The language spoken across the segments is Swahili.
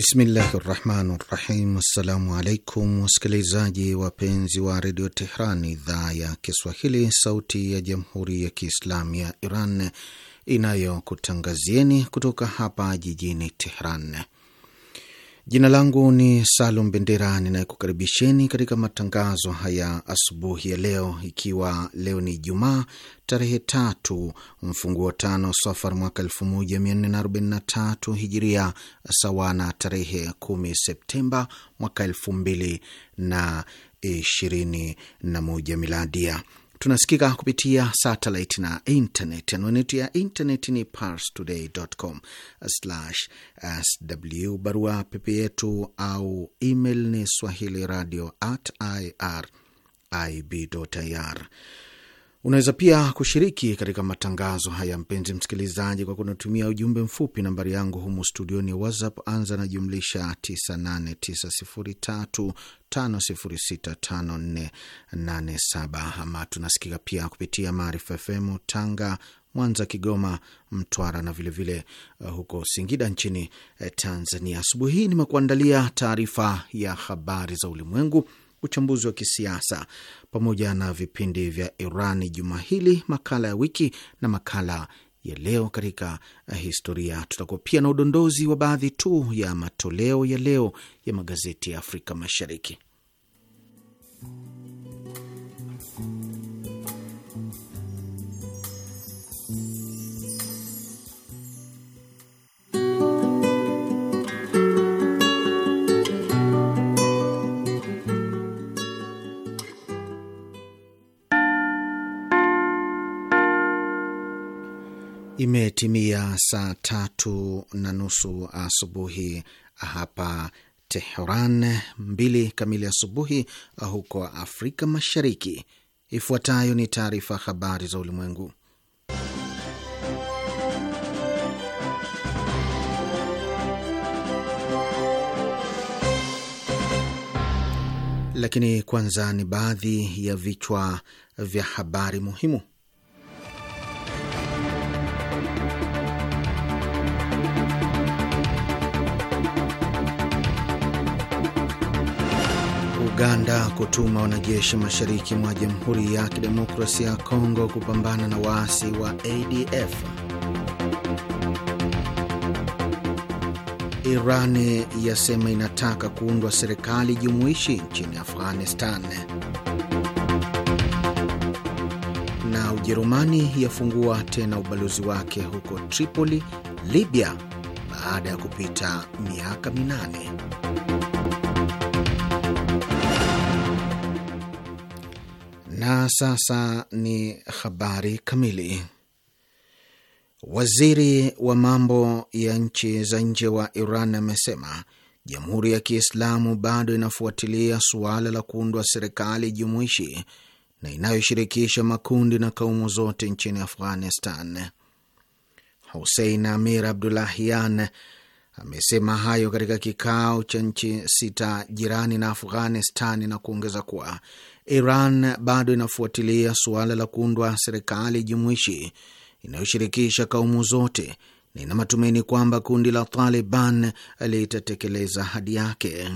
Bismillahi rahmani rahim. Assalamu alaikum wasikilizaji wapenzi wa redio Tehran, idhaa ya Kiswahili, sauti ya jamhuri ya kiislamu ya Iran inayokutangazieni kutoka hapa jijini Tehran. Jina langu ni Salum Bendera, ninayekukaribisheni katika matangazo haya asubuhi ya leo, ikiwa leo ni Jumaa tarehe tatu mfunguo tano Safar mwaka tatu Hijiria, sawa na tarehe kumi Septemba mwaka na moja Miladia. Tunasikika kupitia satelit na internet. Anwani yetu ya internet ni parstoday.com/sw. Barua pepe yetu au email ni swahili radio at irib.ir. Unaweza pia kushiriki katika matangazo haya, mpenzi msikilizaji, kwa kunatumia ujumbe mfupi. Nambari yangu humu studioni ya WhatsApp, anza na jumlisha 989035065487 ama tunasikika pia kupitia Maarifa FM Tanga, Mwanza, Kigoma, Mtwara na vilevile vile uh, huko Singida nchini eh, Tanzania. Asubuhi hii nimekuandalia taarifa ya habari za ulimwengu uchambuzi wa kisiasa pamoja na vipindi vya iran juma hili, makala ya wiki na makala ya leo katika eh, historia. Tutakuwa pia na udondozi wa baadhi tu ya matoleo ya leo ya magazeti ya Afrika Mashariki. Imetimia saa tatu na nusu asubuhi hapa Teheran, mbili kamili asubuhi huko Afrika Mashariki. Ifuatayo ni taarifa habari za ulimwengu, lakini kwanza ni baadhi ya vichwa vya habari muhimu. Uganda kutuma wanajeshi mashariki mwa Jamhuri ya Kidemokrasia ya Kongo kupambana na waasi wa ADF. Irani yasema inataka kuundwa serikali jumuishi nchini Afghanistan. Na Ujerumani yafungua tena ubalozi wake huko Tripoli, Libya baada ya kupita miaka minane. Na sasa ni habari kamili. Waziri wa mambo ya nchi za nje wa Iran amesema Jamhuri ya Kiislamu bado inafuatilia suala la kuundwa serikali jumuishi na inayoshirikisha makundi na kaumu zote nchini Afghanistan. Husein Amir Abdulahian amesema hayo katika kikao cha nchi sita jirani na Afghanistan na kuongeza kuwa Iran bado inafuatilia suala la kuundwa serikali jumuishi inayoshirikisha kaumu zote na ina matumaini kwamba kundi la Taliban litatekeleza ahadi yake.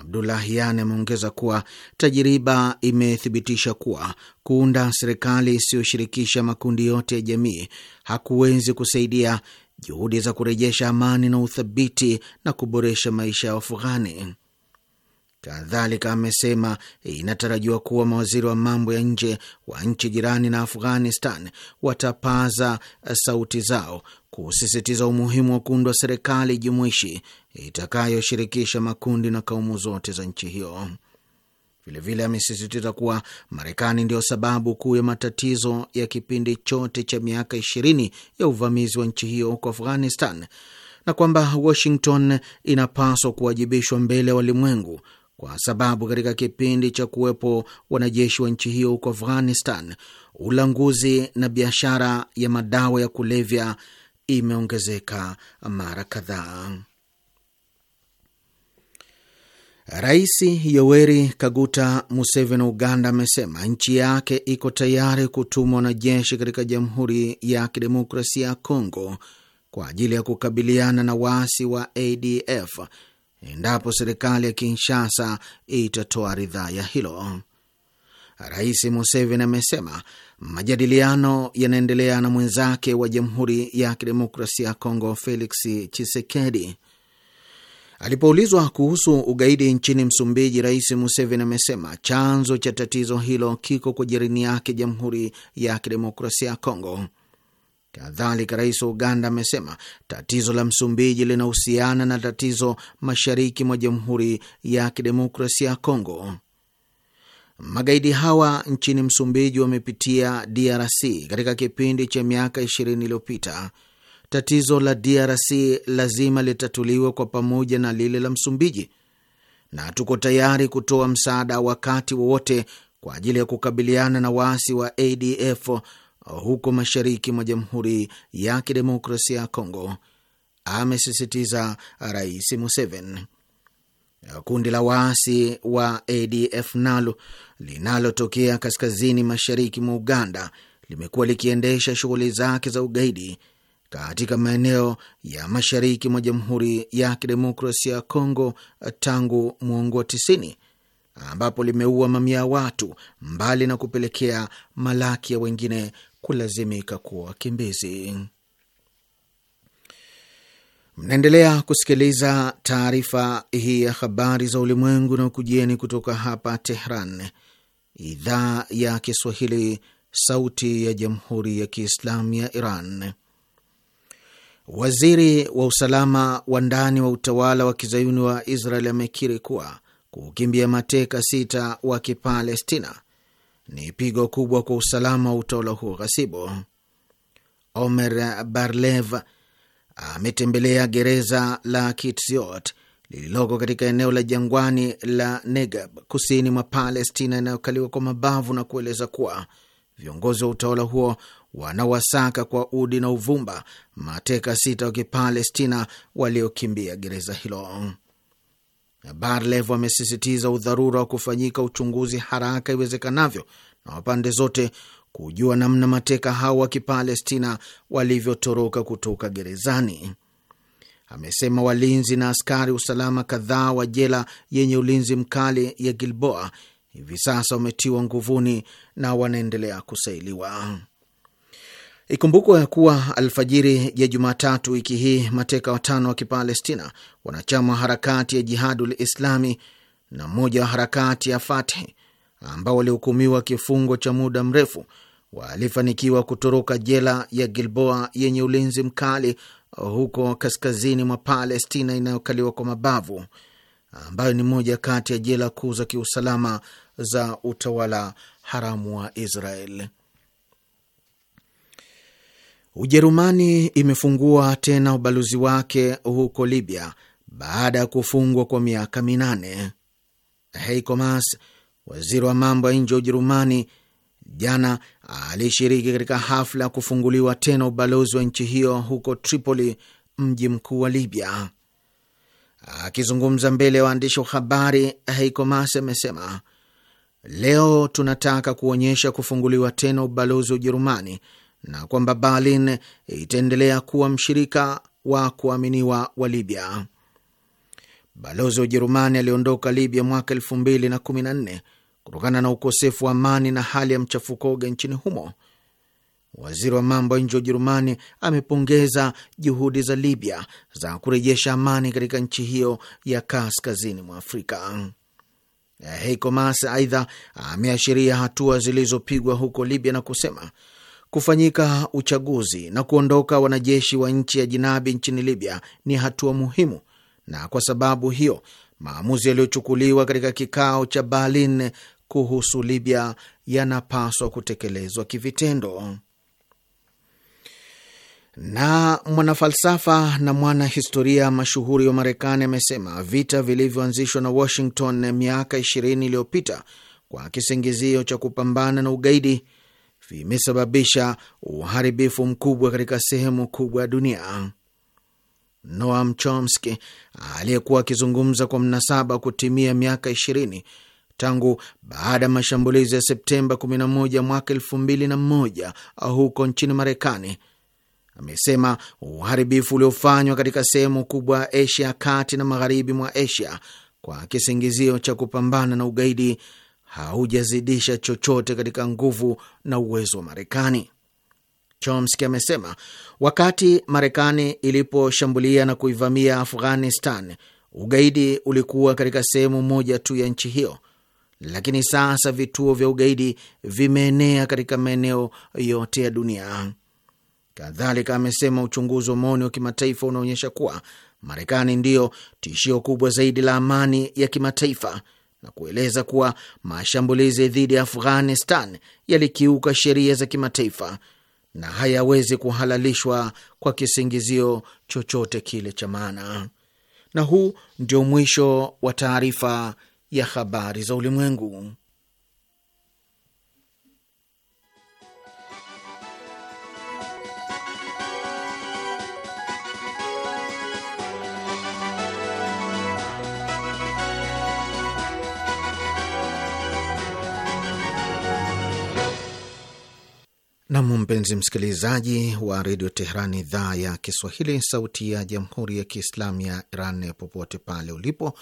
Abdulahian ameongeza kuwa tajiriba imethibitisha kuwa kuunda serikali isiyoshirikisha makundi yote ya jamii hakuwezi kusaidia juhudi za kurejesha amani na uthabiti na kuboresha maisha ya Wafughani. Kadhalika amesema inatarajiwa kuwa mawaziri wa mambo ya nje wa nchi jirani na Afghanistan watapaza sauti zao kusisitiza umuhimu wa kuundwa serikali jumuishi itakayoshirikisha makundi na kaumu zote za nchi hiyo. Vilevile amesisitiza kuwa Marekani ndio sababu kuu ya matatizo ya kipindi chote cha miaka ishirini ya uvamizi wa nchi hiyo huko Afghanistan na kwamba Washington inapaswa kuwajibishwa mbele ya walimwengu kwa sababu katika kipindi cha kuwepo wanajeshi wa nchi hiyo huko Afghanistan, ulanguzi na biashara ya madawa ya kulevya imeongezeka mara kadhaa. Rais Yoweri Kaguta Museveni wa Uganda amesema nchi yake iko tayari kutumwa wanajeshi katika Jamhuri ya Kidemokrasia ya Kongo kwa ajili ya kukabiliana na waasi wa ADF endapo serikali ya Kinshasa itatoa ridhaa ya hilo. Rais Museveni amesema majadiliano yanaendelea na mwenzake wa Jamhuri ya Kidemokrasia ya Kongo Felix chisekedi Alipoulizwa kuhusu ugaidi nchini Msumbiji, Rais Museveni amesema chanzo cha tatizo hilo kiko kwa jirani yake Jamhuri ya Kidemokrasia ya Kongo. Kadhalika, rais wa Uganda amesema tatizo la Msumbiji linahusiana na tatizo mashariki mwa Jamhuri ya Kidemokrasia ya Kongo. Magaidi hawa nchini Msumbiji wamepitia DRC katika kipindi cha miaka ishirini iliyopita. Tatizo la DRC lazima litatuliwe kwa pamoja na lile la Msumbiji, na tuko tayari kutoa msaada wakati wowote kwa ajili ya kukabiliana na waasi wa ADF huko mashariki mwa Jamhuri ya Kidemokrasia ya Kongo, amesisitiza Rais Museveni. Kundi la waasi wa ADF nalo linalotokea kaskazini mashariki mwa Uganda limekuwa likiendesha shughuli zake za ugaidi katika maeneo ya mashariki mwa Jamhuri ya Kidemokrasia ya Kongo tangu mwongo wa tisini, ambapo limeua mamia ya watu mbali na kupelekea malaki ya wengine kulazimika kuwa wakimbizi. Mnaendelea kusikiliza taarifa hii ya habari za ulimwengu na ukujieni kutoka hapa Tehran, idhaa ya Kiswahili, sauti ya jamhuri ya kiislamu ya Iran. Waziri wa usalama wa ndani wa utawala wa kizayuni wa Israel amekiri kuwa kukimbia mateka sita wa Kipalestina ni pigo kubwa kwa usalama wa utawala huo ghasibu. Omer Barlev ametembelea gereza la Kitsiot lililoko katika eneo la jangwani la negab kusini mwa Palestina inayokaliwa kwa mabavu na kueleza kuwa viongozi wa utawala huo wanawasaka kwa udi na uvumba mateka sita wa Kipalestina waliokimbia gereza hilo. Barlev amesisitiza udharura wa kufanyika uchunguzi haraka iwezekanavyo na wapande zote kujua namna mateka hao wa Kipalestina walivyotoroka kutoka gerezani. Amesema walinzi na askari usalama kadhaa wa jela yenye ulinzi mkali ya Gilboa hivi sasa wametiwa nguvuni na wanaendelea kusailiwa. Ikumbukwa ya kuwa alfajiri ya Jumatatu wiki hii mateka watano wa Kipalestina, wanachama wa harakati ya Jihadul Islami na mmoja wa harakati ya Fathi ambao walihukumiwa kifungo cha muda mrefu walifanikiwa kutoroka jela ya Gilboa yenye ulinzi mkali huko kaskazini mwa Palestina inayokaliwa kwa mabavu, ambayo ni moja kati ya jela kuu za kiusalama za utawala haramu wa Israel. Ujerumani imefungua tena ubalozi wake huko Libya baada ya kufungwa kwa miaka minane. Heiko Maas, waziri wa mambo ya nje wa Ujerumani, jana alishiriki katika hafla ya kufunguliwa tena ubalozi wa nchi hiyo huko Tripoli, mji mkuu wa Libya. Akizungumza mbele ya waandishi wa habari, Heiko Maas amesema leo tunataka kuonyesha kufunguliwa tena ubalozi wa Ujerumani na kwamba Berlin itaendelea kuwa mshirika wa kuaminiwa wa Libya. Balozi wa Ujerumani aliondoka Libya mwaka elfu mbili na kumi na nne kutokana na ukosefu wa amani na hali ya mchafukoge nchini humo. Waziri wa mambo ya nje wa Ujerumani amepongeza juhudi za Libya za kurejesha amani katika nchi hiyo ya kaskazini mwa Afrika. Heiko Maas aidha ameashiria hatua zilizopigwa huko Libya na kusema kufanyika uchaguzi na kuondoka wanajeshi wa nchi ya jinabi nchini Libya ni hatua muhimu, na kwa sababu hiyo maamuzi yaliyochukuliwa katika kikao cha Berlin kuhusu Libya yanapaswa kutekelezwa kivitendo. Na mwanafalsafa na mwana historia mashuhuri wa Marekani amesema vita vilivyoanzishwa na Washington miaka 20 iliyopita kwa kisingizio cha kupambana na ugaidi vimesababisha uharibifu mkubwa katika sehemu kubwa ya dunia. Noam Chomsky aliyekuwa akizungumza kwa mnasaba kutimia miaka ishirini tangu baada ya mashambulizi ya Septemba 11 mwaka 2001 huko nchini Marekani amesema uharibifu uliofanywa katika sehemu kubwa ya Asia kati na magharibi mwa Asia kwa kisingizio cha kupambana na ugaidi haujazidisha chochote katika nguvu na uwezo wa Marekani. Chomsky amesema wakati Marekani iliposhambulia na kuivamia Afghanistan, ugaidi ulikuwa katika sehemu moja tu ya nchi hiyo, lakini sasa vituo vya ugaidi vimeenea katika maeneo yote ya dunia. Kadhalika amesema uchunguzi wa maoni wa kimataifa unaonyesha kuwa Marekani ndiyo tishio kubwa zaidi la amani ya kimataifa na kueleza kuwa mashambulizi dhidi ya Afghanistan yalikiuka sheria za kimataifa na hayawezi kuhalalishwa kwa kisingizio chochote kile cha maana. Na huu ndio mwisho wa taarifa ya habari za ulimwengu. Nam, mpenzi msikilizaji wa redio Teheran, idhaa ya Kiswahili, sauti ya jamhuri ya kiislamu ya Iran, popote pale ulipo.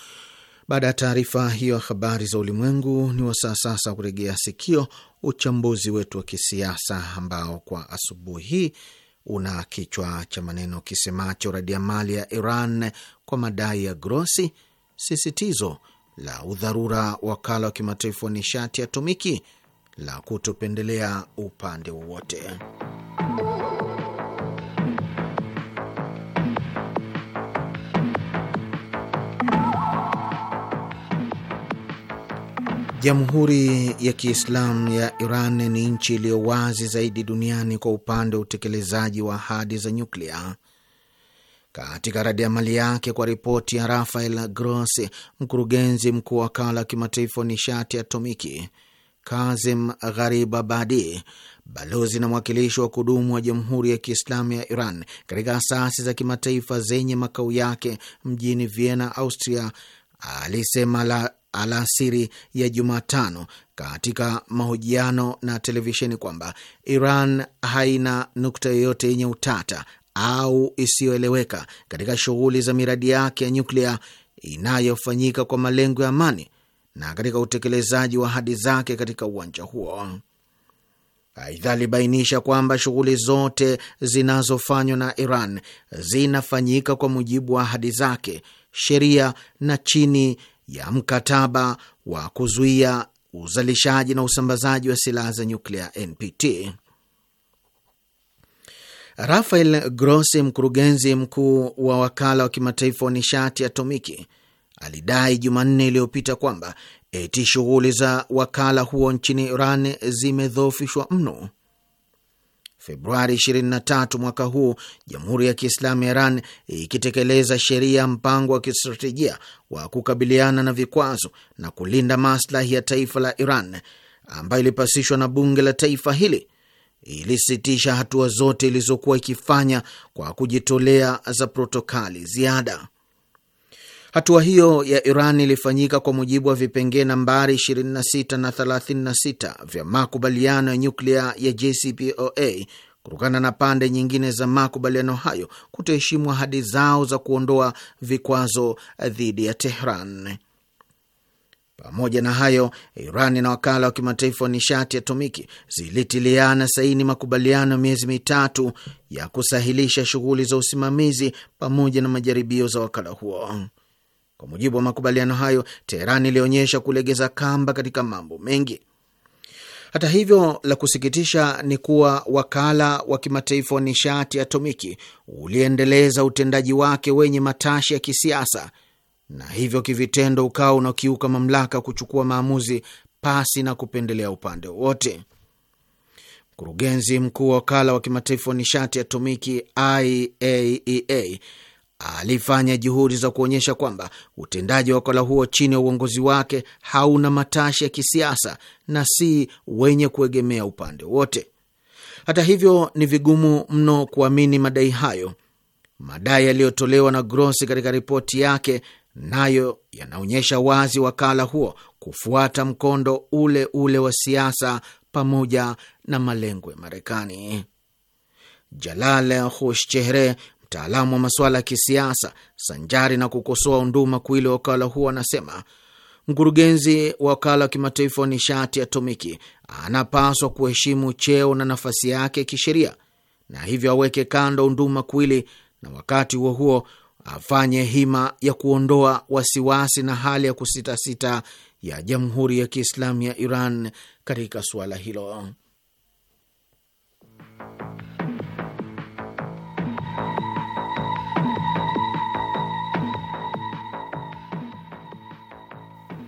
Baada ya taarifa hiyo ya habari za ulimwengu, ni wasaa sasa kuregea sikio uchambuzi wetu wa kisiasa ambao kwa asubuhi hii una kichwa cha maneno kisemacho radiamali ya Iran kwa madai ya Grossi, sisitizo la udharura wakala wa kimataifa wa nishati atomiki la kutopendelea upande wowote. Jamhuri ya Kiislamu ya Iran ni nchi iliyo wazi zaidi duniani kwa upande wa utekelezaji wa ahadi za nyuklia. Katika radi mali yake kwa ripoti ya Rafael Grossi, mkurugenzi mkuu wa wakala wa kimataifa wa nishati atomiki, Kazim Gharibabadi, balozi na mwakilishi wa kudumu wa Jamhuri ya Kiislamu ya Iran katika asasi za kimataifa zenye makao yake mjini Vienna, Austria, alisema la alasiri ya Jumatano katika mahojiano na televisheni kwamba Iran haina nukta yoyote yenye utata au isiyoeleweka katika shughuli za miradi yake ya nyuklia inayofanyika kwa malengo ya amani na katika utekelezaji wa ahadi zake katika uwanja huo. Aidha, alibainisha kwamba shughuli zote zinazofanywa na Iran zinafanyika kwa mujibu wa ahadi zake, sheria na chini ya mkataba wa kuzuia uzalishaji na usambazaji wa silaha za nyuklia NPT. Rafael Grossi, mkurugenzi mkuu wa wakala wa kimataifa wa nishati atomiki, alidai Jumanne iliyopita kwamba eti shughuli za wakala huo nchini Iran zimedhoofishwa mno. Februari 23 mwaka huu, Jamhuri ya Kiislamu ya Iran ikitekeleza sheria ya mpango wa kistratejia wa kukabiliana na vikwazo na kulinda maslahi ya taifa la Iran ambayo ilipasishwa na bunge la taifa hili ilisitisha hatua zote ilizokuwa ikifanya kwa kujitolea za protokali ziada. Hatua hiyo ya Iran ilifanyika kwa mujibu wa vipengee nambari 26 na 36 vya makubaliano ya nyuklia ya JCPOA kutokana na pande nyingine za makubaliano hayo kutoheshimu ahadi zao za kuondoa vikwazo dhidi ya Tehran. Pamoja na hayo, Iran na wakala wa kimataifa wa nishati ya atomiki zilitiliana saini makubaliano ya miezi mitatu ya kusahilisha shughuli za usimamizi pamoja na majaribio za wakala huo. Kwa mujibu wa makubaliano hayo, Teheran ilionyesha kulegeza kamba katika mambo mengi. Hata hivyo, la kusikitisha ni kuwa wakala wa kimataifa wa nishati atomiki uliendeleza utendaji wake wenye matashi ya kisiasa na hivyo kivitendo ukawa unakiuka mamlaka kuchukua maamuzi pasi na kupendelea upande wowote. Mkurugenzi mkuu wa wakala wa kimataifa wa nishati atomiki IAEA e alifanya juhudi za kuonyesha kwamba utendaji wa wakala huo chini ya uongozi wake hauna matashi ya kisiasa na si wenye kuegemea upande wote. Hata hivyo, ni vigumu mno kuamini madai hayo. Madai yaliyotolewa na Grossi katika ripoti yake nayo yanaonyesha wazi wakala huo kufuata mkondo ule ule wa siasa pamoja na malengo ya Marekani. Jalal Khushchehre, Mtaalamu wa masuala ya kisiasa, sanjari na kukosoa unduma kuili wa wakala huo, anasema mkurugenzi wa wakala wa kimataifa wa nishati atomiki anapaswa kuheshimu cheo na nafasi yake kisheria, na hivyo aweke kando unduma kuili na wakati huo huo afanye hima ya kuondoa wasiwasi na hali ya kusitasita ya Jamhuri ya Kiislamu ya Iran katika suala hilo.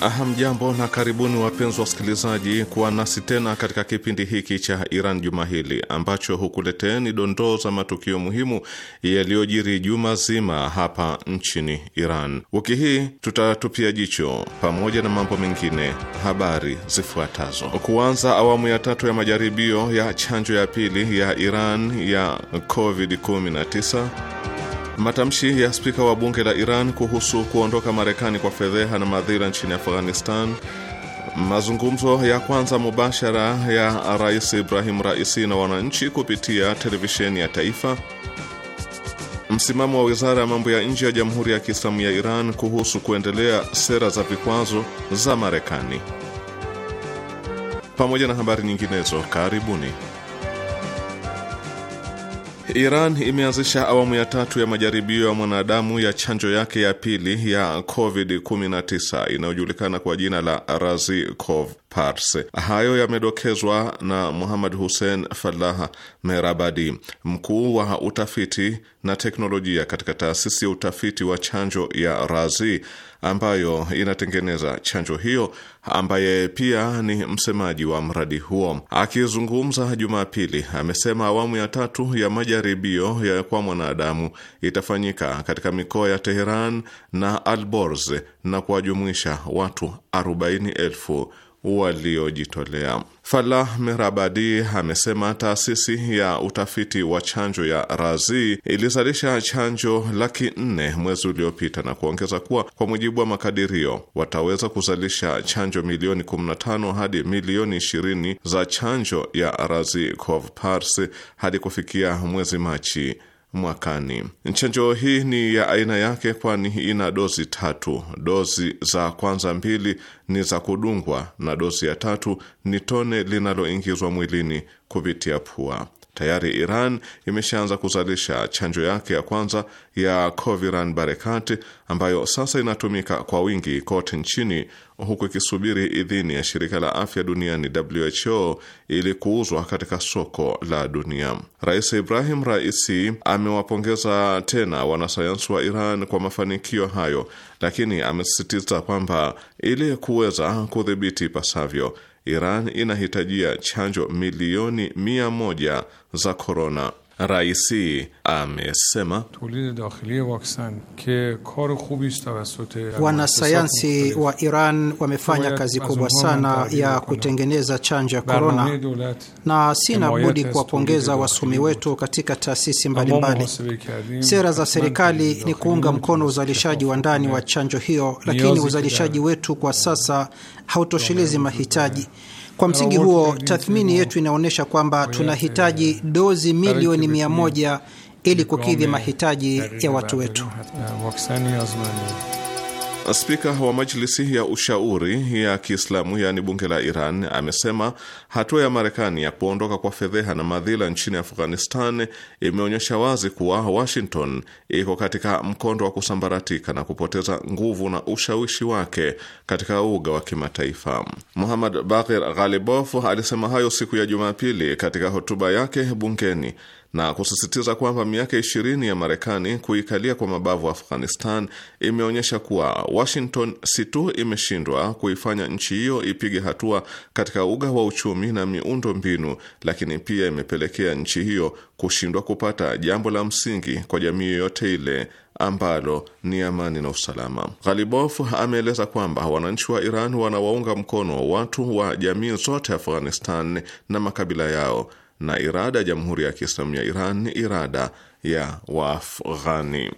Hamjambo na karibuni wapenzi wasikilizaji, kuwa nasi tena katika kipindi hiki cha Iran juma hili ambacho hukuleteeni dondoo za matukio muhimu yaliyojiri juma zima hapa nchini Iran. Wiki hii tutatupia jicho, pamoja na mambo mengine, habari zifuatazo: kuanza awamu ya tatu ya majaribio ya chanjo ya pili ya Iran ya COVID-19 Matamshi ya spika wa bunge la Iran kuhusu kuondoka Marekani kwa fedheha na madhira nchini Afghanistan, mazungumzo ya kwanza mubashara ya Rais Ibrahim Raisi na wananchi kupitia televisheni ya taifa, msimamo wa wizara ya mambo ya nje ya Jamhuri ya Kiislamu ya Iran kuhusu kuendelea sera za vikwazo za Marekani, pamoja na habari nyinginezo. Karibuni. Iran imeanzisha awamu ya tatu ya majaribio ya mwanadamu ya chanjo yake ya pili ya COVID-19 inayojulikana kwa jina la Cov Pars. Hayo yamedokezwa na Muhammad Hussein Falah Merabadi, mkuu wa utafiti na teknolojia katika taasisi ya utafiti wa chanjo ya Razi ambayo inatengeneza chanjo hiyo, ambaye pia ni msemaji wa mradi huo. Akizungumza Jumapili, amesema awamu ya tatu ya majaribio ya kwa mwanadamu itafanyika katika mikoa ya Teheran na Alborz na kuwajumuisha watu elfu arobaini waliojitolea. Falah Mirabadi amesema taasisi ya utafiti wa chanjo ya Razi ilizalisha chanjo laki nne mwezi uliopita na kuongeza kuwa kwa mujibu wa makadirio wataweza kuzalisha chanjo milioni 15 hadi milioni 20 za chanjo ya Razi Covpars hadi kufikia mwezi Machi mwakani. Chanjo hii ni ya aina yake, kwani ina dozi tatu. Dozi za kwanza mbili ni za kudungwa na dozi ya tatu ni tone linaloingizwa mwilini kupitia pua. Tayari Iran imeshaanza kuzalisha chanjo yake ya kwanza ya Coviran Barekati ambayo sasa inatumika kwa wingi kote nchini huku ikisubiri idhini ya shirika la afya duniani WHO ili kuuzwa katika soko la dunia. Rais Ibrahim Raisi amewapongeza tena wanasayansi wa Iran kwa mafanikio hayo, lakini amesisitiza kwamba ili kuweza kudhibiti ipasavyo Iran inahitajia chanjo milioni mia moja za korona. Raisi amesema wanasayansi wa Iran wamefanya kazi kubwa sana ya kutengeneza chanjo ya korona, na sina budi kuwapongeza wasomi wetu katika taasisi mbalimbali. Sera za serikali ni kuunga mkono uzalishaji wa ndani wa chanjo hiyo, lakini uzalishaji wetu kwa sasa hautoshelezi mahitaji kwa msingi huo, tathmini yetu inaonyesha kwamba tunahitaji dozi milioni mia moja ili kukidhi mahitaji ya watu wetu. Spika wa Majlisi ya Ushauri ya Kiislamu, yaani bunge la Iran, amesema hatua ya Marekani ya kuondoka kwa fedheha na madhila nchini Afghanistan imeonyesha wazi kuwa Washington iko katika mkondo wa kusambaratika na kupoteza nguvu na ushawishi wake katika uga wa kimataifa. Muhammad bahir ghalibof alisema hayo siku ya Jumapili katika hotuba yake bungeni na kusisitiza kwamba miaka ishirini ya Marekani kuikalia kwa mabavu Afghanistan imeonyesha kuwa Washington si tu imeshindwa kuifanya nchi hiyo ipige hatua katika uga wa uchumi na miundo mbinu, lakini pia imepelekea nchi hiyo kushindwa kupata jambo la msingi kwa jamii yoyote ile ambalo ni amani na usalama. Ghalibof ameeleza kwamba wananchi wa Iran wanawaunga mkono watu wa jamii zote Afghanistan na makabila yao na irada ya Jamhuri ya Kiislamu ya Iran ni irada ya Waafghani.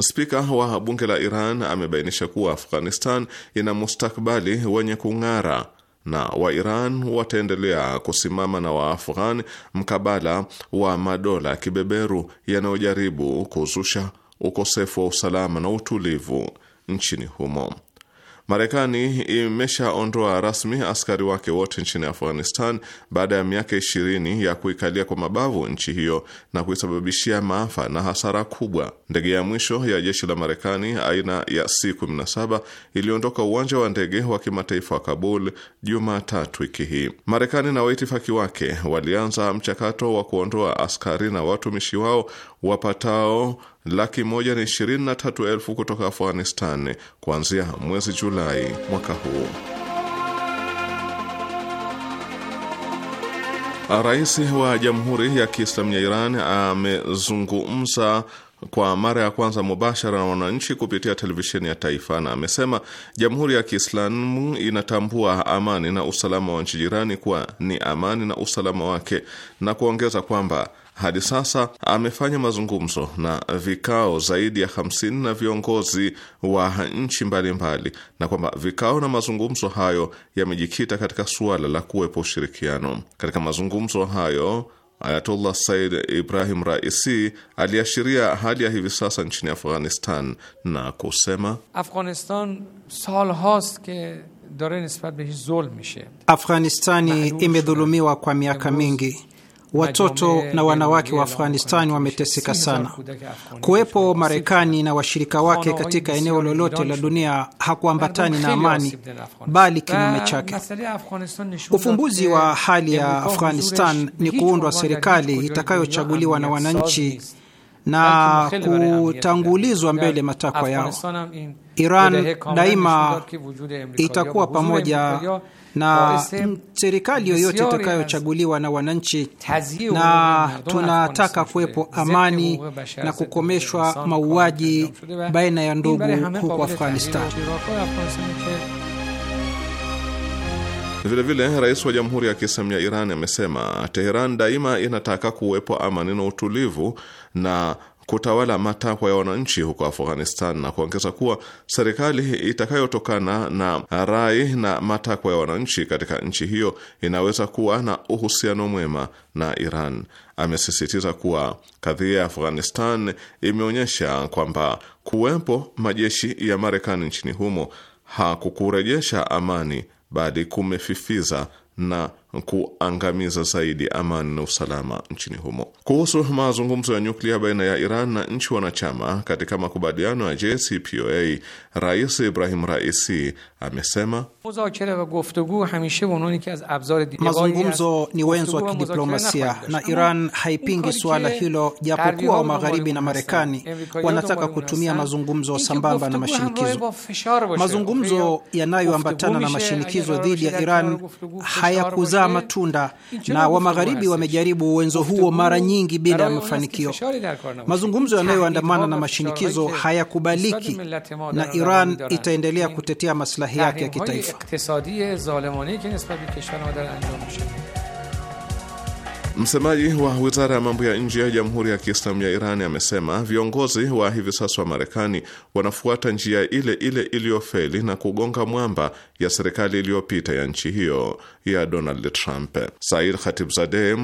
Spika wa bunge la Iran amebainisha kuwa Afghanistan ina mustakbali wenye kung'ara na Wairan wataendelea kusimama na Waafghan mkabala wa madola kibeberu yanayojaribu kuzusha ukosefu wa usalama na utulivu nchini humo. Marekani imeshaondoa rasmi askari wake wote nchini Afghanistan baada ya miaka ishirini ya kuikalia kwa mabavu nchi hiyo na kuisababishia maafa na hasara kubwa. Ndege ya mwisho ya jeshi la Marekani aina ya C-17 iliondoka uwanja wa ndege wa kimataifa wa Kabul Jumatatu wiki hii. Marekani na waitifaki wake walianza mchakato wa kuondoa askari na watumishi wao wapatao laki moja na ishirini na tatu elfu kutoka Afghanistan kuanzia mwezi Julai mwaka huu. Rais wa Jamhuri ya Kiislamu ya Iran amezungumza kwa mara ya kwanza mubashara na wananchi kupitia televisheni ya taifa, na amesema Jamhuri ya Kiislamu inatambua amani na usalama wa nchi jirani kuwa ni amani na usalama wake, na kuongeza kwamba hadi sasa amefanya mazungumzo na vikao zaidi ya hamsini na viongozi wa nchi mbalimbali, na kwamba vikao na mazungumzo hayo yamejikita katika suala la kuwepo ushirikiano. Katika mazungumzo hayo Ayatullah Said Ibrahim Raisi aliashiria hali ya hivi sasa nchini Afghanistan na kusema, Afghanistan salhast ke dare nisbat behi zulm mishe, Afghanistani imedhulumiwa kwa miaka mingi Watoto na wanawake wa Afghanistani wameteseka sana. Kuwepo Marekani na washirika wake katika eneo lolote la dunia hakuambatani na amani, bali kinyume chake. Ufumbuzi wa hali ya Afghanistan ni kuundwa serikali itakayochaguliwa na wananchi na kutangulizwa mbele matakwa yao. Iran daima itakuwa pamoja na serikali yoyote itakayochaguliwa na wananchi, na tunataka kuwepo amani na kukomeshwa mauaji baina ya ndugu huko Afghanistan. Vilevile vile, rais wa Jamhuri ya Kiislamu ya Iran amesema Teheran daima inataka kuwepo amani na utulivu na kutawala matakwa ya wananchi huko Afghanistan na kuongeza kuwa serikali itakayotokana na rai na matakwa ya wananchi katika nchi hiyo inaweza kuwa na uhusiano mwema na Iran. Amesisitiza kuwa kadhia ya Afghanistan imeonyesha kwamba kuwepo majeshi ya Marekani nchini humo hakukurejesha amani bali kumefifiza na kuangamiza zaidi amani na usalama nchini humo. Kuhusu mazungumzo ya nyuklia baina ya Iran na nchi wanachama katika makubaliano ya JCPOA, Rais Ibrahim Raisi amesema mazungumzo ni wenzo wa kidiplomasia na Iran haipingi suala hilo, japokuwa wa Magharibi na Marekani wanataka kutumia mazungumzo sambamba na mashinikizo. Mazungumzo yanayoambatana na mashinikizo dhidi ya Iran hayakuzaa matunda na wa magharibi wamejaribu uwenzo huo mara nyingi bila ya mafanikio. Mazungumzo yanayoandamana na mashinikizo hayakubaliki, na Iran itaendelea kutetea maslahi yake ya kitaifa. Msemaji wa wizara ya mambo ya nje ya Jamhuri ya Kiislamu ya Iran amesema viongozi wa hivi sasa wa Marekani wanafuata njia ile ile iliyofeli na kugonga mwamba ya serikali iliyopita ya nchi hiyo ya Donald Trump. Said Khatibzadeh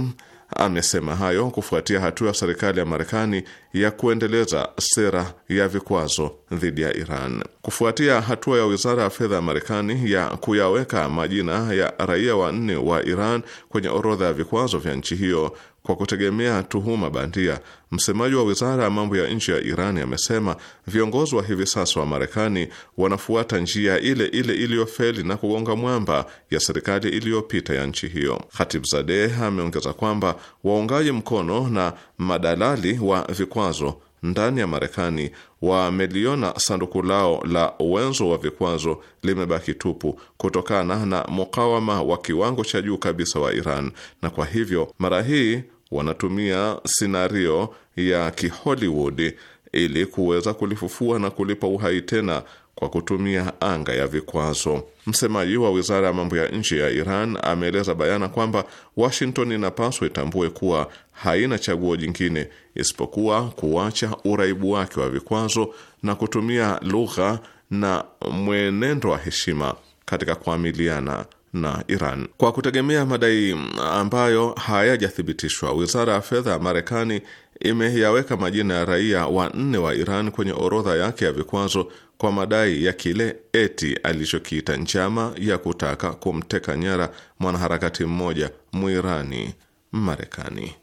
Amesema hayo kufuatia hatua ya serikali ya Marekani ya kuendeleza sera ya vikwazo dhidi ya Iran, kufuatia hatua ya wizara ya fedha ya Marekani ya kuyaweka majina ya raia wanne wa Iran kwenye orodha ya vikwazo vya nchi hiyo kwa kutegemea tuhuma bandia. Msemaji wa wizara ya mambo ya nje ya iran amesema viongozi wa hivi sasa wa Marekani wanafuata njia ile ile iliyofeli na kugonga mwamba ya serikali iliyopita ya nchi hiyo. Khatibzadeh ameongeza kwamba waungaji mkono na madalali wa vikwazo ndani ya Marekani wameliona sanduku lao la wenzo wa vikwazo limebaki tupu kutokana na mukawama wa kiwango cha juu kabisa wa Iran, na kwa hivyo mara hii wanatumia sinario ya kihollywood ili kuweza kulifufua na kulipa uhai tena kwa kutumia anga ya vikwazo. Msemaji wa wizara ya mambo ya nje ya Iran ameeleza bayana kwamba Washington inapaswa itambue kuwa haina chaguo jingine isipokuwa kuacha uraibu wake wa vikwazo na kutumia lugha na mwenendo wa heshima katika kuamiliana na Iran. Kwa kutegemea madai ambayo hayajathibitishwa, wizara ya fedha ya Marekani imeyaweka majina ya raia wanne wa Iran kwenye orodha yake ya vikwazo kwa madai ya kile eti alichokiita njama ya kutaka kumteka nyara mwanaharakati mmoja Muirani Marekani.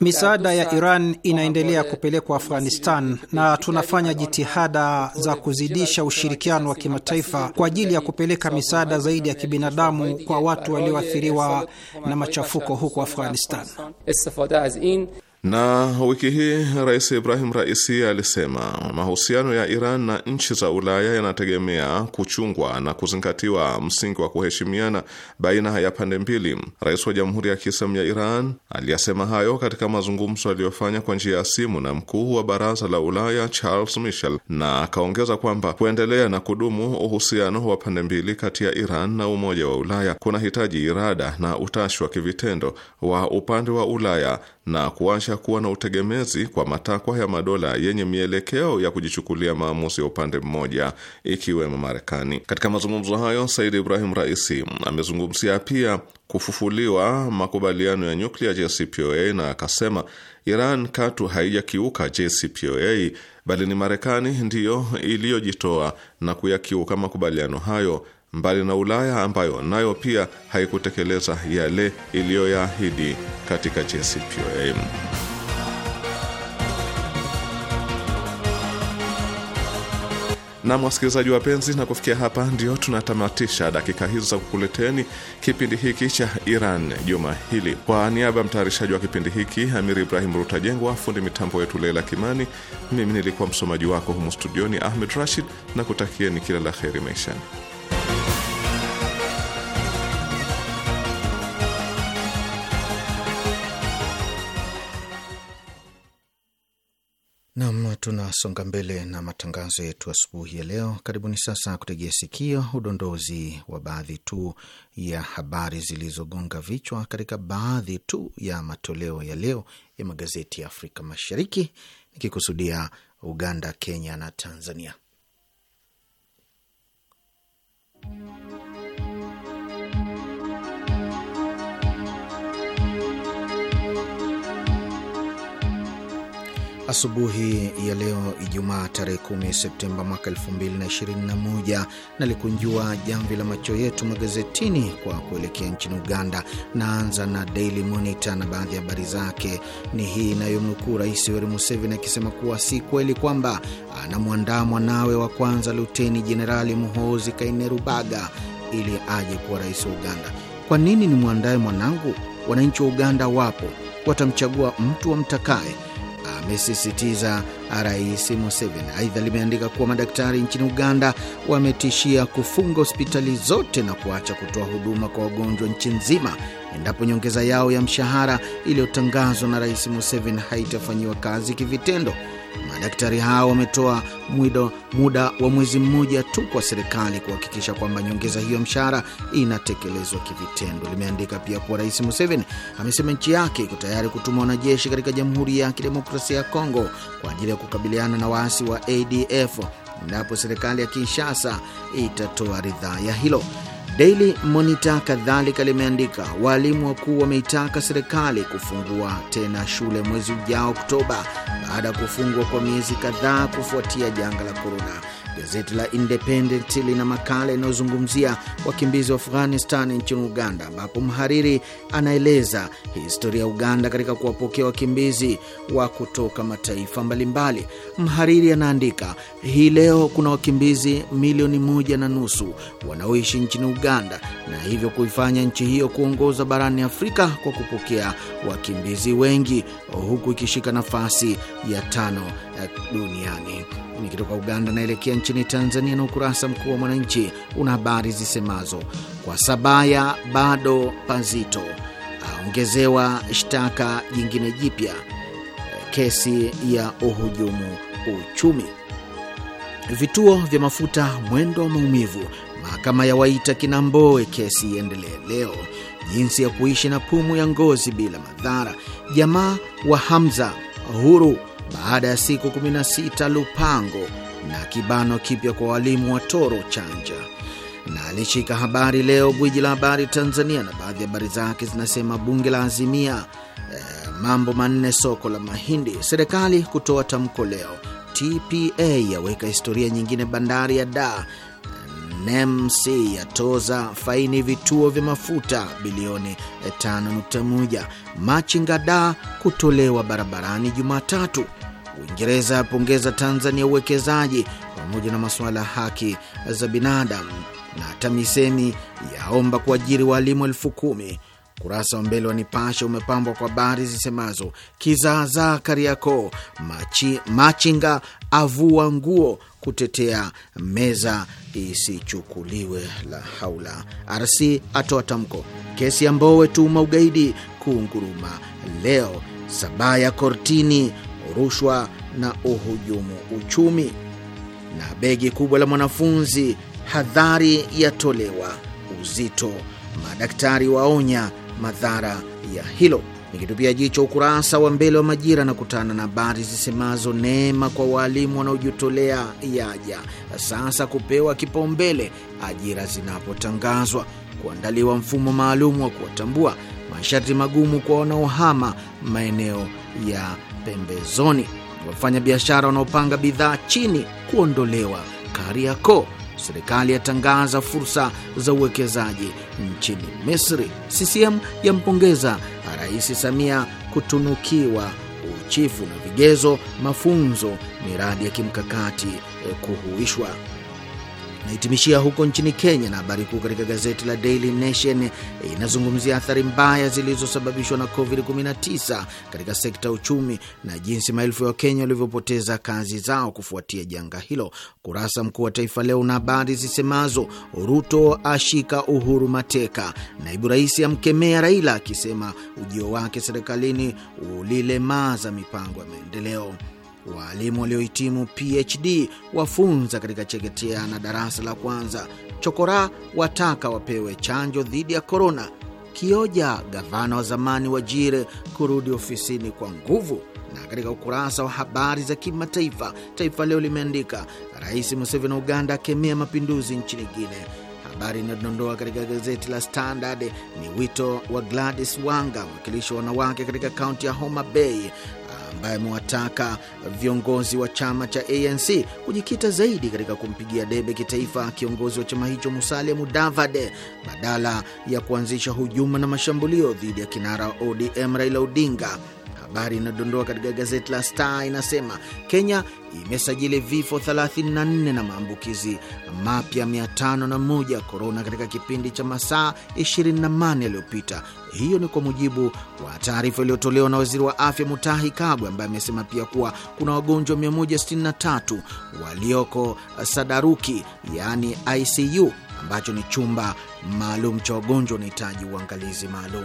Misaada ya Iran inaendelea kupelekwa Afghanistan na tunafanya jitihada za kuzidisha ushirikiano wa kimataifa kwa ajili ya kupeleka misaada zaidi ya kibinadamu kwa watu walioathiriwa na machafuko huko Afghanistan. Na wiki hii Rais Ibrahim Raisi alisema mahusiano ya Iran na nchi za Ulaya yanategemea kuchungwa na kuzingatiwa msingi wa kuheshimiana baina ya pande mbili. Rais wa Jamhuri ya Kiislamu ya Iran aliyasema hayo katika mazungumzo aliyofanya kwa njia ya simu na mkuu wa Baraza la Ulaya Charles Michel, na akaongeza kwamba kuendelea na kudumu uhusiano wa pande mbili kati ya Iran na Umoja wa Ulaya kuna hitaji irada na utashi wa kivitendo wa upande wa Ulaya na kuacha kuwa na utegemezi kwa matakwa ya madola yenye mielekeo ya kujichukulia maamuzi ya upande mmoja ikiwemo Marekani. Katika mazungumzo hayo, Said Ibrahim Raisi amezungumzia pia kufufuliwa makubaliano ya nyuklia JCPOA na akasema Iran katu haijakiuka JCPOA bali ni Marekani ndiyo iliyojitoa na kuyakiuka makubaliano hayo, mbali na Ulaya ambayo nayo pia haikutekeleza yale iliyoyaahidi katika JCPOA. Nam, wasikilizaji wapenzi, na kufikia hapa ndio tunatamatisha dakika hizo za kukuleteni kipindi hiki cha Iran juma hili. Kwa niaba ya mtayarishaji wa kipindi hiki Amiri Ibrahim Rutajengwa, fundi mitambo yetu Leila Kimani, mimi nilikuwa msomaji wako humu studioni Ahmed Rashid, na kutakieni kila la heri maishani. tunasonga mbele na matangazo yetu asubuhi ya leo. Karibuni sasa kutegea sikio udondozi wa baadhi tu ya habari zilizogonga vichwa katika baadhi tu ya matoleo ya leo ya magazeti ya Afrika Mashariki, nikikusudia Uganda, Kenya na Tanzania. Asubuhi ya leo Ijumaa tarehe 1 Septemba mwaka 2021 nalikunjua jamvi la macho yetu magazetini kwa kuelekea nchini Uganda. Naanza na Daily Monitor na baadhi ya habari zake ni hii inayomnukuu Rais Yoweri Museveni akisema kuwa si kweli kwamba anamwandaa mwanawe wa kwanza Luteni Jenerali Muhoozi Kainerubaga ili aje kuwa rais wa Uganda. Kwa nini ni mwandaye mwanangu? Wananchi wa Uganda wapo, watamchagua mtu wamtakaye limesisitiza Rais Museveni. Aidha, limeandika kuwa madaktari nchini Uganda wametishia kufunga hospitali zote na kuacha kutoa huduma kwa wagonjwa nchi nzima endapo nyongeza yao ya mshahara iliyotangazwa na Rais Museveni haitafanyiwa kazi kivitendo. Madaktari hao wametoa muda wa mwezi mmoja tu kwa serikali kuhakikisha kwamba nyongeza hiyo mshahara inatekelezwa kivitendo. Limeandika pia kuwa Rais Museveni amesema nchi yake iko tayari kutuma wanajeshi katika Jamhuri ya Kidemokrasia ya Kongo kwa ajili ya kukabiliana na waasi wa ADF endapo serikali ya Kinshasa itatoa ridhaa ya hilo. Daily Monitor kadhalika limeandika waalimu wakuu wameitaka serikali kufungua tena shule mwezi ujao Oktoba, baada ya kufungwa kwa miezi kadhaa kufuatia janga la korona. Gazeti la Independent lina makala inayozungumzia wakimbizi wa Afghanistani nchini Uganda, ambapo mhariri anaeleza historia ya Uganda katika kuwapokea wakimbizi wa kutoka mataifa mbalimbali. Mhariri anaandika, hii leo kuna wakimbizi milioni moja na nusu wanaoishi nchini Uganda na hivyo kuifanya nchi hiyo kuongoza barani Afrika kwa kupokea wakimbizi wengi, huku ikishika nafasi ya tano duniani. Nikitoka Uganda naelekea nchini Tanzania, na ukurasa mkuu wa Mwananchi una habari zisemazo kwa Sabaya bado pazito, aongezewa shtaka jingine jipya, kesi ya uhujumu uchumi, vituo vya mafuta mwendo wa maumivu, mahakama ya waita kinamboe kesi iendelee leo, jinsi ya kuishi na pumu ya ngozi bila madhara, jamaa wa Hamza huru baada ya siku 16 Lupango na kibano kipya kwa walimu wa Toro Chanja na alishika habari leo, gwiji la habari Tanzania, na baadhi ya habari zake zinasema bunge la azimia eh, mambo manne soko la mahindi, serikali kutoa tamko leo, TPA yaweka historia nyingine bandari ya Dar NMC yatoza faini vituo vya mafuta bilioni 5.1. Eh, Machinga da kutolewa barabarani Jumatatu. Uingereza yapongeza Tanzania uwekezaji pamoja na masuala ya haki za binadamu. Na TAMISEMI yaomba kuajiri walimu elfu kumi Kurasa wa mbele wa Nipashe umepambwa kwa habari zisemazo kizaazaa Kariakoo, machi, machinga avua nguo kutetea meza isichukuliwe. La haula. RC atoa tamko, kesi ya Mbowe tuma ugaidi kunguruma leo. Sabaya kortini, rushwa na uhujumu uchumi. Na begi kubwa la mwanafunzi, hadhari yatolewa uzito. Madaktari waonya madhara ya hilo. Nikitupia jicho ukurasa wa mbele wa Majira na kutana na habari zisemazo neema kwa waalimu wanaojitolea yaja sasa kupewa kipaumbele ajira zinapotangazwa, kuandaliwa mfumo maalum wa kuwatambua, masharti magumu kwa wanaohama maeneo ya pembezoni, wafanyabiashara wanaopanga bidhaa chini kuondolewa Kariakoo Serikali yatangaza fursa za uwekezaji nchini Misri. CCM yampongeza Rais Samia kutunukiwa uchifu na vigezo mafunzo miradi ya kimkakati eh, kuhuishwa nahitimishia huko nchini Kenya, na habari kuu katika gazeti la Daily Nation inazungumzia athari mbaya zilizosababishwa na COVID-19 katika sekta ya uchumi na jinsi maelfu ya Wakenya walivyopoteza kazi zao kufuatia janga hilo. Kurasa mkuu wa Taifa Leo na habari zisemazo Ruto ashika Uhuru mateka, naibu rais amkemea Raila akisema ujio wake serikalini ulilemaza mipango ya maendeleo. Waalimu waliohitimu PhD wafunza katika chekechea na darasa la kwanza. Chokora wataka wapewe chanjo dhidi ya korona. Kioja, gavana wa zamani wa Jire, kurudi ofisini kwa nguvu. Na katika ukurasa wa habari za kimataifa, Taifa Leo limeandika Rais Museveni wa Uganda akemea mapinduzi nchini Guinea. Habari inayodondoa katika gazeti la Standard ni wito wa Gladys Wanga, mwakilishi wa wanawake katika kaunti ya Homa Bay, ambaye amewataka viongozi wa chama cha ANC kujikita zaidi katika kumpigia debe kitaifa kiongozi wa chama hicho Musalia Mudavade badala ya kuanzisha hujuma na mashambulio dhidi ya kinara ODM Raila Odinga Habari inayodondoa katika gazeti la Star inasema Kenya imesajili vifo 34 na maambukizi mapya 501 ya korona katika kipindi cha masaa 24 yaliyopita. Hiyo ni kwa mujibu wa taarifa iliyotolewa na waziri wa afya Mutahi Kagwe, ambaye amesema pia kuwa kuna wagonjwa 163 walioko sadaruki, yaani ICU, ambacho ni chumba maalum cha wagonjwa wanahitaji uangalizi maalum.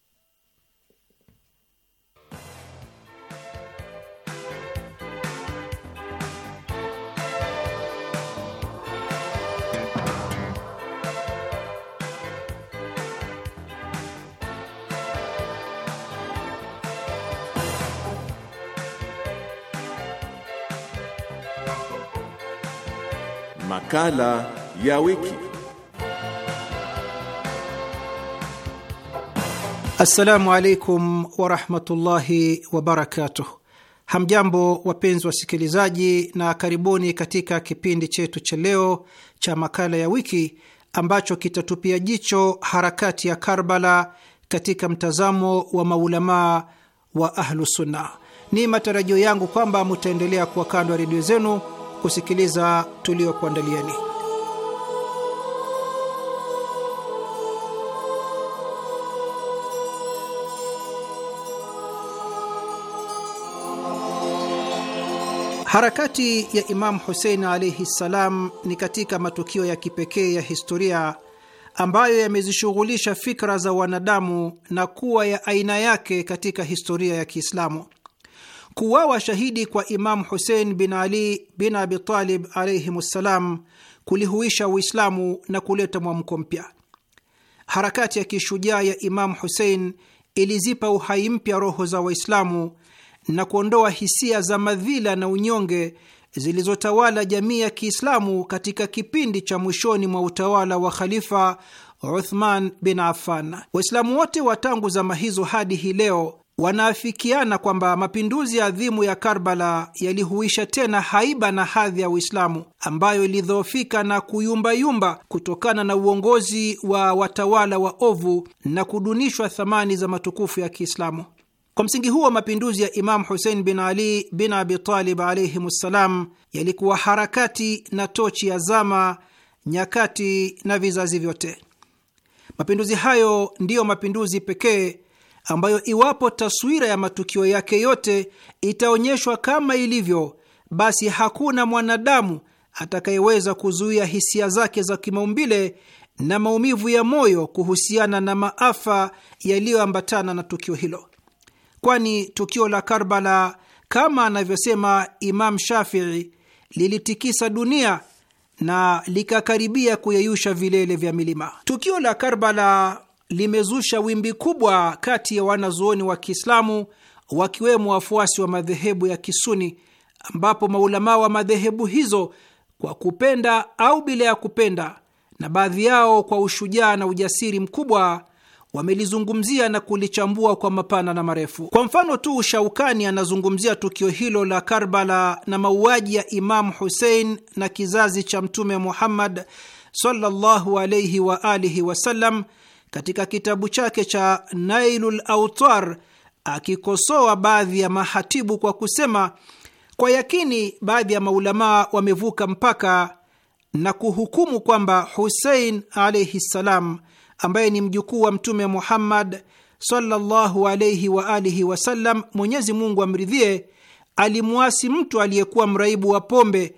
Makala ya wiki. Assalamu alaikum warahmatullahi wabarakatuh. Hamjambo wapenzi wasikilizaji, na karibuni katika kipindi chetu cha leo cha makala ya wiki ambacho kitatupia jicho harakati ya Karbala katika mtazamo wa maulamaa wa Ahlusunna. Ni matarajio yangu kwamba mutaendelea kuwa kando ya redio zenu kusikiliza tuliokuandalieni. Harakati ya Imamu Husein alaihi ssalam ni katika matukio ya kipekee ya historia ambayo yamezishughulisha fikra za wanadamu na kuwa ya aina yake katika historia ya Kiislamu. Kuwawa shahidi kwa Imamu Husein bin Ali bin Abitalib alaihim ssalam kulihuisha Uislamu na kuleta mwamko mpya. Harakati ya kishujaa ya Imamu Husein ilizipa uhai mpya roho za Waislamu na kuondoa hisia za madhila na unyonge zilizotawala jamii ya Kiislamu katika kipindi cha mwishoni mwa utawala wa Khalifa Uthman bin Affan. Waislamu wote wa tangu zama hizo hadi hii leo wanaafikiana kwamba mapinduzi adhimu ya Karbala yalihuisha tena haiba na hadhi ya Uislamu ambayo ilidhoofika na kuyumbayumba kutokana na uongozi wa watawala wa ovu na kudunishwa thamani za matukufu ya Kiislamu. Kwa msingi huo mapinduzi ya Imamu Husein bin Ali bin Abitalib alaihim ssalam yalikuwa harakati na tochi ya zama, nyakati na vizazi vyote. Mapinduzi hayo ndiyo mapinduzi pekee ambayo iwapo taswira ya matukio yake yote itaonyeshwa kama ilivyo, basi hakuna mwanadamu atakayeweza kuzuia hisia zake za kimaumbile na maumivu ya moyo kuhusiana na maafa yaliyoambatana na tukio hilo, kwani tukio la Karbala, kama anavyosema Imam Shafii, lilitikisa dunia na likakaribia kuyeyusha vilele vya milima. Tukio la Karbala limezusha wimbi kubwa kati ya wanazuoni wa Kiislamu, wakiwemo wafuasi wa madhehebu ya Kisuni, ambapo maulamaa wa madhehebu hizo kwa kupenda au bila ya kupenda, na baadhi yao kwa ushujaa na ujasiri mkubwa wamelizungumzia na kulichambua kwa mapana na marefu. Kwa mfano tu, Shaukani anazungumzia tukio hilo la Karbala na mauaji ya Imamu Husein na kizazi cha Mtume Muhammad sallallahu alaihi wa alihi wasallam katika kitabu chake cha Nailul Autar akikosoa baadhi ya mahatibu kwa kusema, kwa yakini baadhi ya maulamaa wamevuka mpaka na kuhukumu kwamba Husein alaihi ssalam, ambaye ni mjukuu wa Mtume Muhammad sallallahu alaihi wa alihi wasallam, Mwenyezi Mungu amridhie, alimwasi mtu aliyekuwa mraibu wa pombe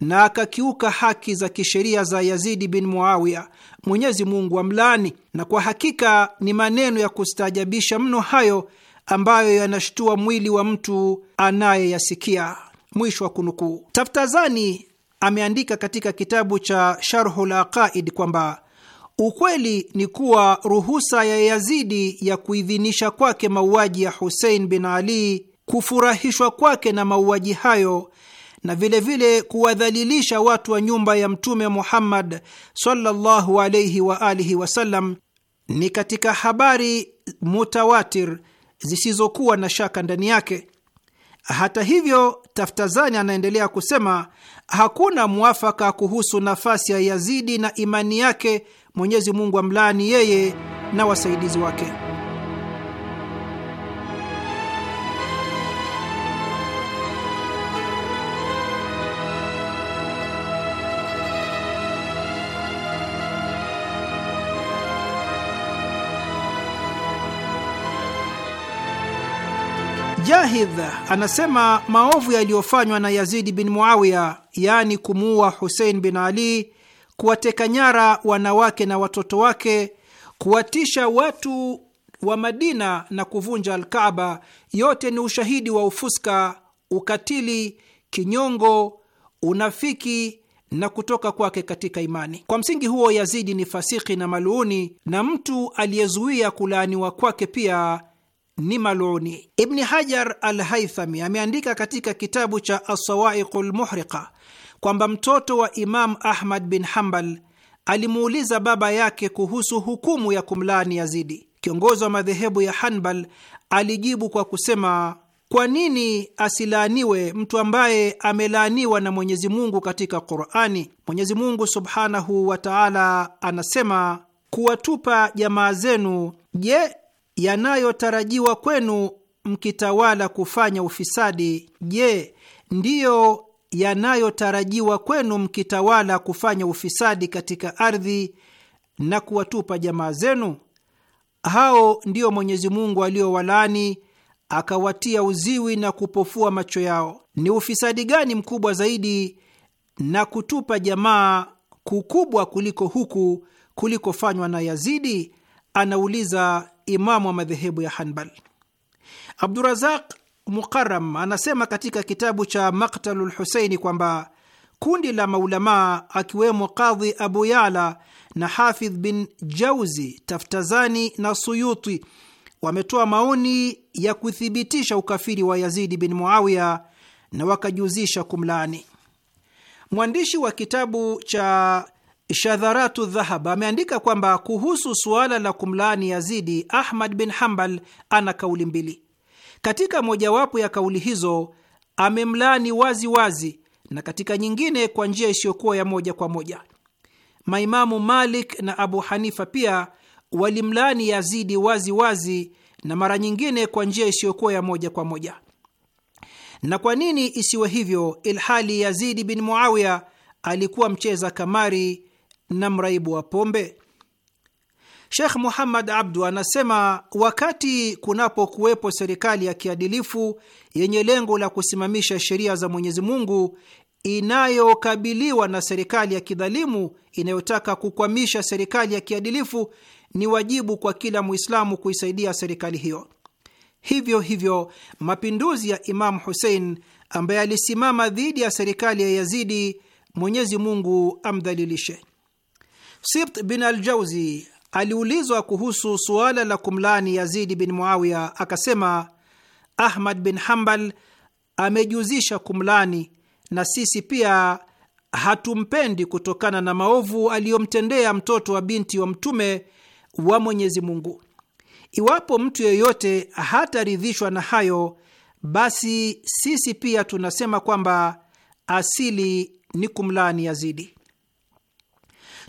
na akakiuka haki za kisheria za Yazidi bin Muawiya, Mwenyezi Mungu amlani. Na kwa hakika ni maneno ya kustaajabisha mno hayo ambayo yanashtua mwili wa mtu anayeyasikia. Mwisho wa kunukuu. Taftazani ameandika katika kitabu cha Sharhul Aqaid kwamba ukweli ni kuwa ruhusa ya Yazidi ya kuidhinisha kwake mauaji ya Husein bin Ali, kufurahishwa kwake na mauaji hayo na vilevile kuwadhalilisha watu wa nyumba ya Mtume Muhammad sallallahu alaihi wa alihi wasallam ni katika habari mutawatir zisizokuwa na shaka ndani yake. Hata hivyo, Taftazani anaendelea kusema hakuna mwafaka kuhusu nafasi ya Yazidi na imani yake, Mwenyezi Mungu amlaani yeye na wasaidizi wake. Mujahidh anasema maovu yaliyofanywa na Yazidi bin Muawiya, yaani kumuua Husein bin Ali, kuwateka nyara wanawake na watoto wake, kuwatisha watu wa Madina na kuvunja Alkaaba, yote ni ushahidi wa ufuska, ukatili, kinyongo, unafiki na kutoka kwake katika imani. Kwa msingi huo, Yazidi ni fasiki na maluuni, na mtu aliyezuia kulaaniwa kwake pia ni maluni. Ibni Hajar al Haithami ameandika katika kitabu cha Asawaiq lmuhriqa kwamba mtoto wa Imam Ahmad bin Hambal alimuuliza baba yake kuhusu hukumu ya kumlaani Yazidi. Kiongozi wa madhehebu ya Hanbal alijibu kwa kusema, kwa nini asilaaniwe mtu ambaye amelaaniwa na Mwenyezi Mungu katika Qurani? Mwenyezi Mungu subhanahu wa taala anasema, kuwatupa jamaa zenu, je, yanayotarajiwa kwenu mkitawala kufanya ufisadi? Je, ndiyo yanayotarajiwa kwenu mkitawala kufanya ufisadi katika ardhi na kuwatupa jamaa zenu? Hao ndiyo Mwenyezi Mungu akawatia uziwi na kupofua macho yao. Ni ufisadi gani mkubwa zaidi na kutupa jamaa kukubwa kuliko huku kulikofanywa na Yazidi? Anauliza imamu wa madhehebu ya Hanbal. Abdurazaq Muqaram anasema katika kitabu cha Maktalu Lhuseini kwamba kundi la maulamaa akiwemo Qadhi Abu Yala na Hafidh bin Jauzi, Taftazani na Suyuti wametoa maoni ya kuthibitisha ukafiri wa Yazidi bin Muawiya na wakajiuzisha kumlaani. Mwandishi wa kitabu cha Shadharatu Dhahab ameandika kwamba kuhusu suala la kumlaani Yazidi, Ahmad bin Hambal ana kauli mbili. Katika mojawapo ya kauli hizo amemlaani wazi wazi, na katika nyingine kwa njia isiyokuwa ya moja kwa moja. Maimamu Malik na Abu Hanifa pia walimlaani Yazidi wazi wazi na mara nyingine kwa njia isiyokuwa ya moja kwa moja. Na kwa nini isiwe hivyo, ilhali Yazidi bin Muawiya alikuwa mcheza kamari na mraibu wa pombe? Sheikh Muhammad Abdu anasema wakati kunapokuwepo serikali ya kiadilifu yenye lengo la kusimamisha sheria za Mwenyezi Mungu inayokabiliwa na serikali ya kidhalimu inayotaka kukwamisha serikali ya kiadilifu, ni wajibu kwa kila Muislamu kuisaidia serikali hiyo. Hivyo hivyo mapinduzi ya Imamu Husein ambaye alisimama dhidi ya serikali ya Yazidi, Mwenyezi Mungu amdhalilishe Sibt bin al jauzi aliulizwa kuhusu suala la kumlani Yazidi bin Muawiya, akasema Ahmad bin Hambal amejuzisha kumlani, na sisi pia hatumpendi kutokana na maovu aliyomtendea mtoto wa binti wa Mtume wa Mwenyezi Mungu. Iwapo mtu yeyote hataridhishwa na hayo, basi sisi pia tunasema kwamba asili ni kumlani Yazidi.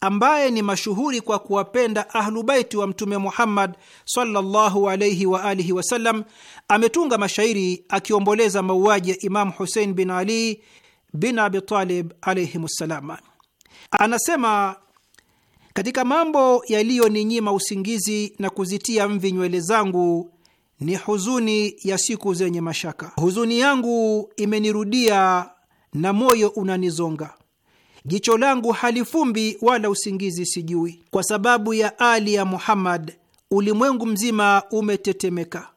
ambaye ni mashuhuri kwa kuwapenda Ahlubaiti wa Mtume Muhammad sallallahu alaihi wa alihi wasallam, ametunga mashairi akiomboleza mauaji ya Imamu Husein bin Ali bin Abitalib alaihim ssalam. Anasema, katika mambo yaliyoninyima usingizi na kuzitia mvi nywele zangu ni huzuni ya siku zenye mashaka. Huzuni yangu imenirudia na moyo unanizonga jicho langu halifumbi wala usingizi sijui. Kwa sababu ya Ali ya Muhammad ulimwengu mzima umetetemeka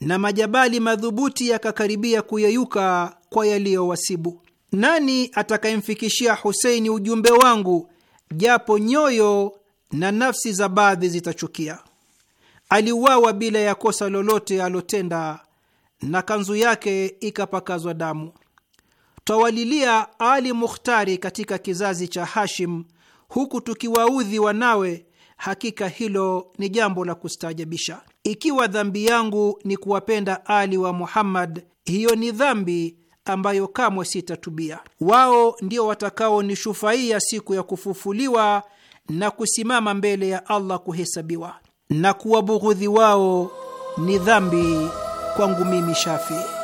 na majabali madhubuti yakakaribia kuyeyuka kwa yaliyowasibu. Nani atakayemfikishia Huseini ujumbe wangu, japo nyoyo na nafsi za baadhi zitachukia? Aliuawa bila ya kosa lolote alotenda, na kanzu yake ikapakazwa damu twawalilia Ali Mukhtari katika kizazi cha Hashim huku tukiwaudhi wanawe. Hakika hilo ni jambo la kustaajabisha. Ikiwa dhambi yangu ni kuwapenda Ali wa Muhammad, hiyo ni dhambi ambayo kamwe sitatubia. Wao ndio watakaonishufaia siku ya kufufuliwa na kusimama mbele ya Allah kuhesabiwa, na kuwabughudhi wao ni dhambi kwangu mimi Shafii.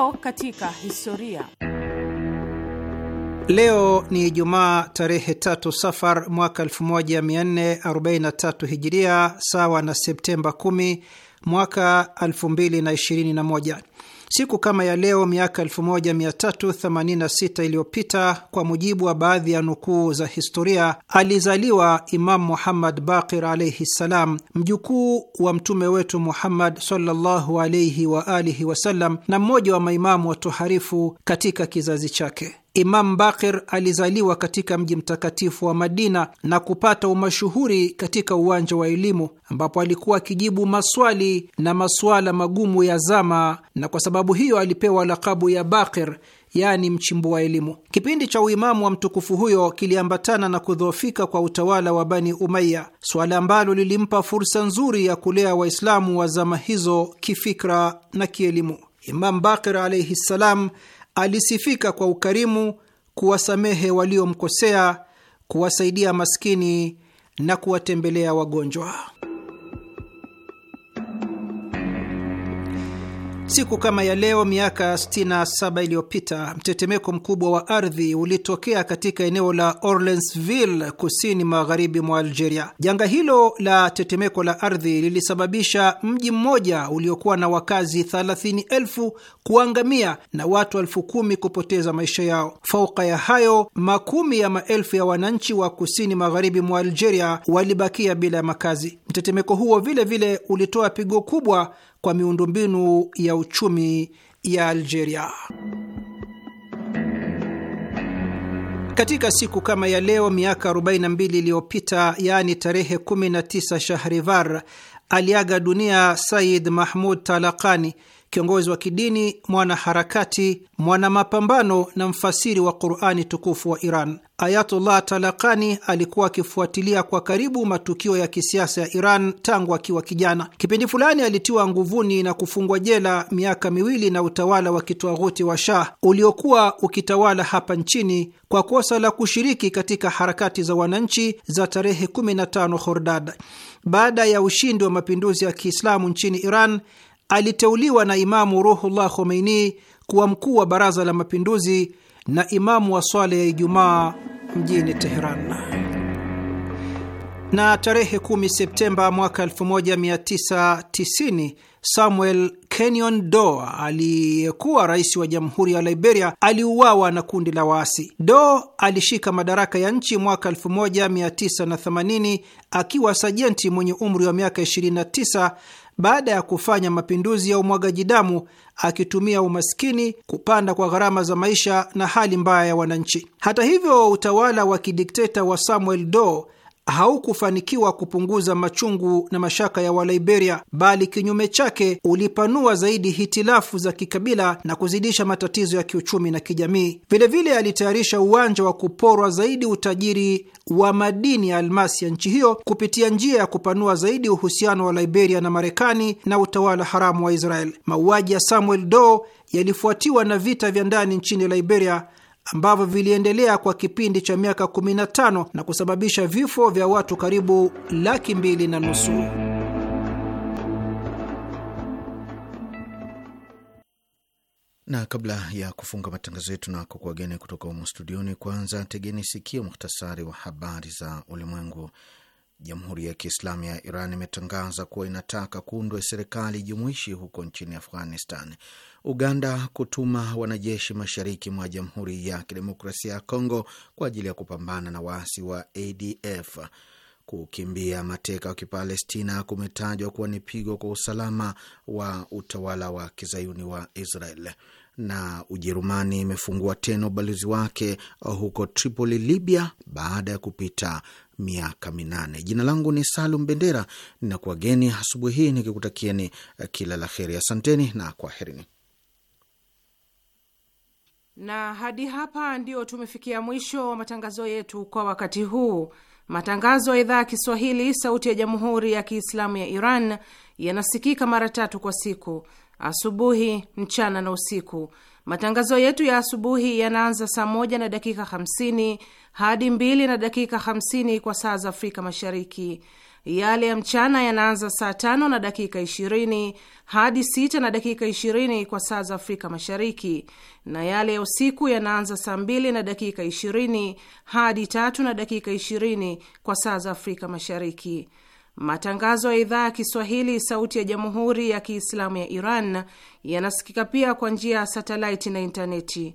Leo katika historia. Leo ni Ijumaa tarehe tatu Safar mwaka 1443 Hijiria, sawa na Septemba 10 mwaka 2021. Siku kama ya leo miaka 1386 iliyopita, kwa mujibu wa baadhi ya nukuu za historia, alizaliwa Imamu Muhammad Baqir alaihi ssalam, mjukuu wa mtume wetu Muhammad sallallahu alaihi wa alihi wasallam na mmoja wa maimamu watoharifu katika kizazi chake. Imam Bakir alizaliwa katika mji mtakatifu wa Madina na kupata umashuhuri katika uwanja wa elimu, ambapo alikuwa akijibu maswali na masuala magumu ya zama, na kwa sababu hiyo alipewa lakabu ya Bakir, yaani wa elimu. Kipindi cha uimamu wa mtukufu huyo kiliambatana na kudhoofika kwa utawala wa Bani Umaya, suala ambalo lilimpa fursa nzuri ya kulea Waislamu wa zama hizo kifikra na kielimu. Imam Bakir alaihi ssalam alisifika kwa ukarimu, kuwasamehe waliomkosea, kuwasaidia maskini na kuwatembelea wagonjwa. Siku kama ya leo miaka 67 iliyopita mtetemeko mkubwa wa ardhi ulitokea katika eneo la Orleansville, kusini magharibi mwa Algeria. Janga hilo la tetemeko la ardhi lilisababisha mji mmoja uliokuwa na wakazi thelathini kuangamia na watu elfu kupoteza maisha yao. Fauka ya hayo, makumi ya maelfu ya wananchi wa kusini magharibi mwa Algeria walibakia bila ya makazi. Mtetemeko huo vilevile vile ulitoa pigo kubwa kwa miundombinu ya uchumi ya Algeria. Katika siku kama ya leo miaka 42 iliyopita, yaani tarehe 19 Shahrivar, aliaga dunia Said Mahmud Talakani, kiongozi wa kidini, mwanaharakati, mwanamapambano na mfasiri wa Qurani tukufu wa Iran. Ayatullah Talakani alikuwa akifuatilia kwa karibu matukio ya kisiasa ya Iran tangu akiwa kijana. Kipindi fulani alitiwa nguvuni na kufungwa jela miaka miwili na utawala wa kitwaghuti wa Shah uliokuwa ukitawala hapa nchini kwa kosa la kushiriki katika harakati za wananchi za tarehe 15 Hordad. Baada ya ushindi wa mapinduzi ya Kiislamu nchini Iran, aliteuliwa na Imamu Ruhullah Khomeini kuwa mkuu wa Baraza la Mapinduzi na imamu wa swala ya Ijumaa mjini Teheran. Na tarehe 10 Septemba mwaka 1990 Samuel Kenyon Doe aliyekuwa rais wa jamhuri ya Liberia aliuawa na kundi la waasi. Doe alishika madaraka ya nchi mwaka 1980 akiwa sajenti mwenye umri wa miaka 29 baada ya kufanya mapinduzi ya umwagaji damu, akitumia umaskini, kupanda kwa gharama za maisha na hali mbaya ya wananchi. Hata hivyo, utawala wa kidikteta wa Samuel Doe haukufanikiwa kupunguza machungu na mashaka ya Waliberia, bali kinyume chake ulipanua zaidi hitilafu za kikabila na kuzidisha matatizo ya kiuchumi na kijamii. Vilevile alitayarisha uwanja wa kuporwa zaidi utajiri wa madini ya almasi ya nchi hiyo kupitia njia ya kupanua zaidi uhusiano wa Liberia na Marekani na utawala haramu wa Israel. Mauaji ya Samuel Doe yalifuatiwa na vita vya ndani nchini Liberia ambavyo viliendelea kwa kipindi cha miaka 15 na kusababisha vifo vya watu karibu laki mbili na nusu. Na kabla ya kufunga matangazo yetu na kukuageni kutoka humo studioni, kwanza tegeni sikio muhtasari wa habari za ulimwengu. Jamhuri ya Kiislamu ya Iran imetangaza kuwa inataka kuundwa serikali jumuishi huko nchini Afghanistan. Uganda kutuma wanajeshi mashariki mwa Jamhuri ya Kidemokrasia ya Kongo kwa ajili ya kupambana na waasi wa ADF. Kukimbia mateka wa Kipalestina kumetajwa kuwa ni pigo kwa usalama wa utawala wa kizayuni wa Israel. Na Ujerumani imefungua tena ubalozi wake huko Tripoli, Libya, baada ya kupita miaka minane. Jina langu ni Salum Bendera, ninakuwageni asubuhi hii nikikutakieni kila la heri. Asanteni na kwaherini. Na hadi hapa ndio tumefikia mwisho wa matangazo yetu kwa wakati huu. Matangazo ya idhaa ya Kiswahili sauti ya jamhuri ya Kiislamu ya Iran yanasikika mara tatu kwa siku: asubuhi, mchana na usiku. Matangazo yetu ya asubuhi yanaanza saa moja na dakika hamsini hadi mbili na dakika hamsini kwa saa za Afrika Mashariki. Yale ya mchana yanaanza saa tano na dakika ishirini hadi sita na dakika ishirini kwa saa za Afrika Mashariki, na yale ya usiku yanaanza saa mbili na dakika ishirini hadi tatu na dakika ishirini kwa saa za Afrika Mashariki. Matangazo ya idhaa ya Kiswahili sauti ya Jamhuri ya Kiislamu ya Iran yanasikika pia kwa njia ya satelaiti na intaneti.